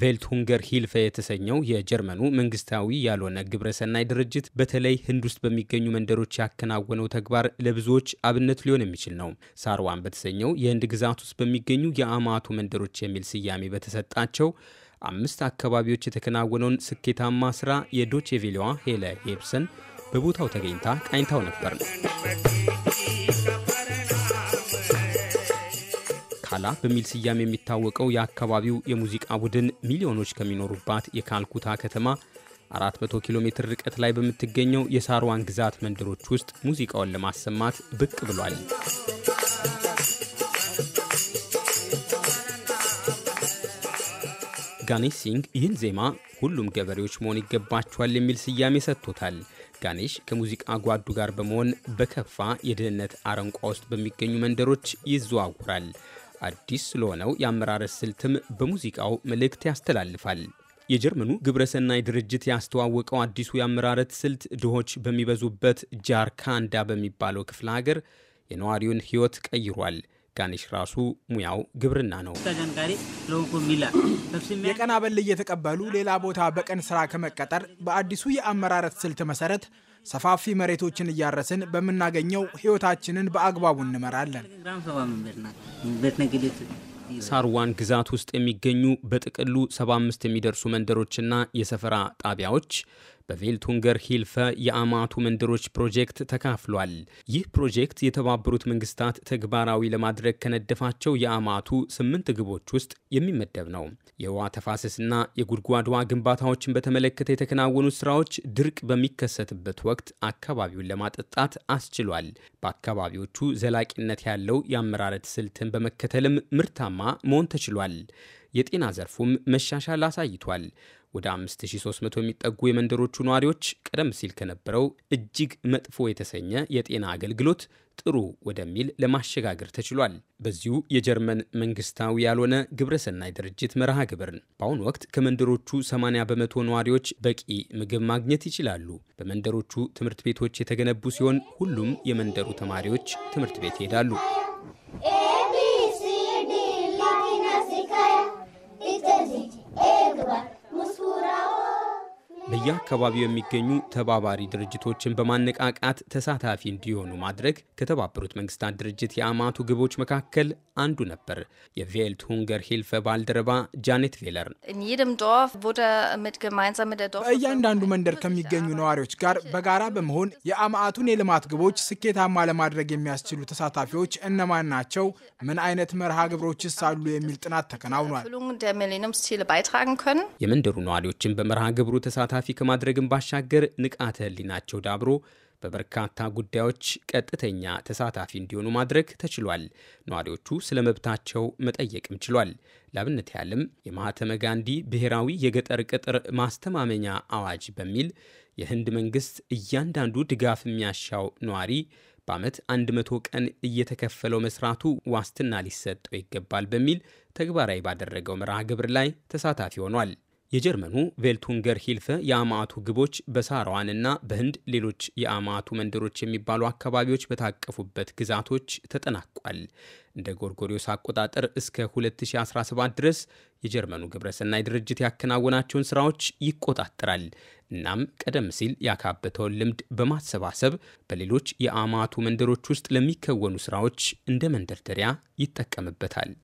ቬልትሁንገር ሂልፈ የተሰኘው የጀርመኑ መንግስታዊ ያልሆነ ግብረሰናይ ድርጅት በተለይ ህንድ ውስጥ በሚገኙ መንደሮች ያከናወነው ተግባር ለብዙዎች አብነት ሊሆን የሚችል ነው። ሳርዋን በተሰኘው የህንድ ግዛት ውስጥ በሚገኙ የአማቱ መንደሮች የሚል ስያሜ በተሰጣቸው አምስት አካባቢዎች የተከናወነውን ስኬታማ ስራ የዶቼ ቬሌዋ ሄለ ሄብሰን በቦታው ተገኝታ ቃኝታው ነበር ነው ኦርኬስትራ በሚል ስያሜ የሚታወቀው የአካባቢው የሙዚቃ ቡድን ሚሊዮኖች ከሚኖሩባት የካልኩታ ከተማ 400 ኪሎ ሜትር ርቀት ላይ በምትገኘው የሳርዋን ግዛት መንደሮች ውስጥ ሙዚቃውን ለማሰማት ብቅ ብሏል። ጋኔሽ ሲንግ ይህን ዜማ ሁሉም ገበሬዎች መሆን ይገባቸዋል የሚል ስያሜ ሰጥቶታል። ጋኔሽ ከሙዚቃ ጓዱ ጋር በመሆን በከፋ የድህነት አረንቋ ውስጥ በሚገኙ መንደሮች ይዘዋውራል። አዲስ ስለሆነው የአመራረት ስልትም በሙዚቃው መልእክት ያስተላልፋል። የጀርመኑ ግብረሰናይ ድርጅት ያስተዋወቀው አዲሱ የአመራረት ስልት ድሆች በሚበዙበት ጃርካንዳ በሚባለው ክፍለ ሀገር የነዋሪውን ሕይወት ቀይሯል። ጋኔሽ ራሱ ሙያው ግብርና ነው። የቀን አበል እየተቀበሉ ሌላ ቦታ በቀን ስራ ከመቀጠር በአዲሱ የአመራረት ስልት መሰረት ሰፋፊ መሬቶችን እያረስን በምናገኘው ህይወታችንን በአግባቡ እንመራለን። ሳርዋን ግዛት ውስጥ የሚገኙ በጥቅሉ 75 የሚደርሱ መንደሮችና የሰፈራ ጣቢያዎች በቬልቱንገር ሂልፈ የአማቱ መንደሮች ፕሮጀክት ተካፍሏል። ይህ ፕሮጀክት የተባበሩት መንግስታት ተግባራዊ ለማድረግ ከነደፋቸው የአማቱ ስምንት ግቦች ውስጥ የሚመደብ ነው። የውሃ ተፋሰስና የጉድጓድ ውሃ ግንባታዎችን በተመለከተ የተከናወኑ ስራዎች ድርቅ በሚከሰትበት ወቅት አካባቢውን ለማጠጣት አስችሏል። በአካባቢዎቹ ዘላቂነት ያለው የአመራረት ስልትን በመከተልም ምርታማ መሆን ተችሏል። የጤና ዘርፉም መሻሻል አሳይቷል። ወደ 5300 የሚጠጉ የመንደሮቹ ነዋሪዎች ቀደም ሲል ከነበረው እጅግ መጥፎ የተሰኘ የጤና አገልግሎት ጥሩ ወደሚል ለማሸጋገር ተችሏል። በዚሁ የጀርመን መንግስታዊ ያልሆነ ግብረሰናይ ድርጅት መርሃ ግብር። በአሁኑ ወቅት ከመንደሮቹ 80 በመቶ ነዋሪዎች በቂ ምግብ ማግኘት ይችላሉ። በመንደሮቹ ትምህርት ቤቶች የተገነቡ ሲሆን ሁሉም የመንደሩ ተማሪዎች ትምህርት ቤት ይሄዳሉ። በየአካባቢው የሚገኙ ተባባሪ ድርጅቶችን በማነቃቃት ተሳታፊ እንዲሆኑ ማድረግ ከተባበሩት መንግስታት ድርጅት የአማቱ ግቦች መካከል አንዱ ነበር። የቬልት ሁንገር ሂልፈ ባልደረባ ጃኔት ቬለር በእያንዳንዱ መንደር ከሚገኙ ነዋሪዎች ጋር በጋራ በመሆን የአማቱን የልማት ግቦች ስኬታማ ለማድረግ የሚያስችሉ ተሳታፊዎች እነማን ናቸው? ምን አይነት መርሃ ግብሮችስ አሉ? የሚል ጥናት ተከናውኗል። የመንደሩ ነዋሪዎችን በመርሃ ግብሩ ተሳታፊ ተሳታፊ ከማድረግን ባሻገር ንቃተ ህሊናቸው ዳብሮ በበርካታ ጉዳዮች ቀጥተኛ ተሳታፊ እንዲሆኑ ማድረግ ተችሏል። ነዋሪዎቹ ስለ መብታቸው መጠየቅም ችሏል። ለአብነት ያህልም የማህተመ ጋንዲ ብሔራዊ የገጠር ቅጥር ማስተማመኛ አዋጅ በሚል የህንድ መንግስት እያንዳንዱ ድጋፍ የሚያሻው ነዋሪ በዓመት 100 ቀን እየተከፈለው መስራቱ ዋስትና ሊሰጠው ይገባል በሚል ተግባራዊ ባደረገው መርሃ ግብር ላይ ተሳታፊ ሆኗል። የጀርመኑ ቬልቱንገር ሂልፈ የአማቱ ግቦች በሳራዋንና በህንድ ሌሎች የአማቱ መንደሮች የሚባሉ አካባቢዎች በታቀፉበት ግዛቶች ተጠናቋል። እንደ ጎርጎሪዮስ አቆጣጠር እስከ 2017 ድረስ የጀርመኑ ግብረሰናይ ድርጅት ያከናወናቸውን ስራዎች ይቆጣጠራል። እናም ቀደም ሲል ያካበተውን ልምድ በማሰባሰብ በሌሎች የአማቱ መንደሮች ውስጥ ለሚከወኑ ስራዎች እንደ መንደርደሪያ ይጠቀምበታል።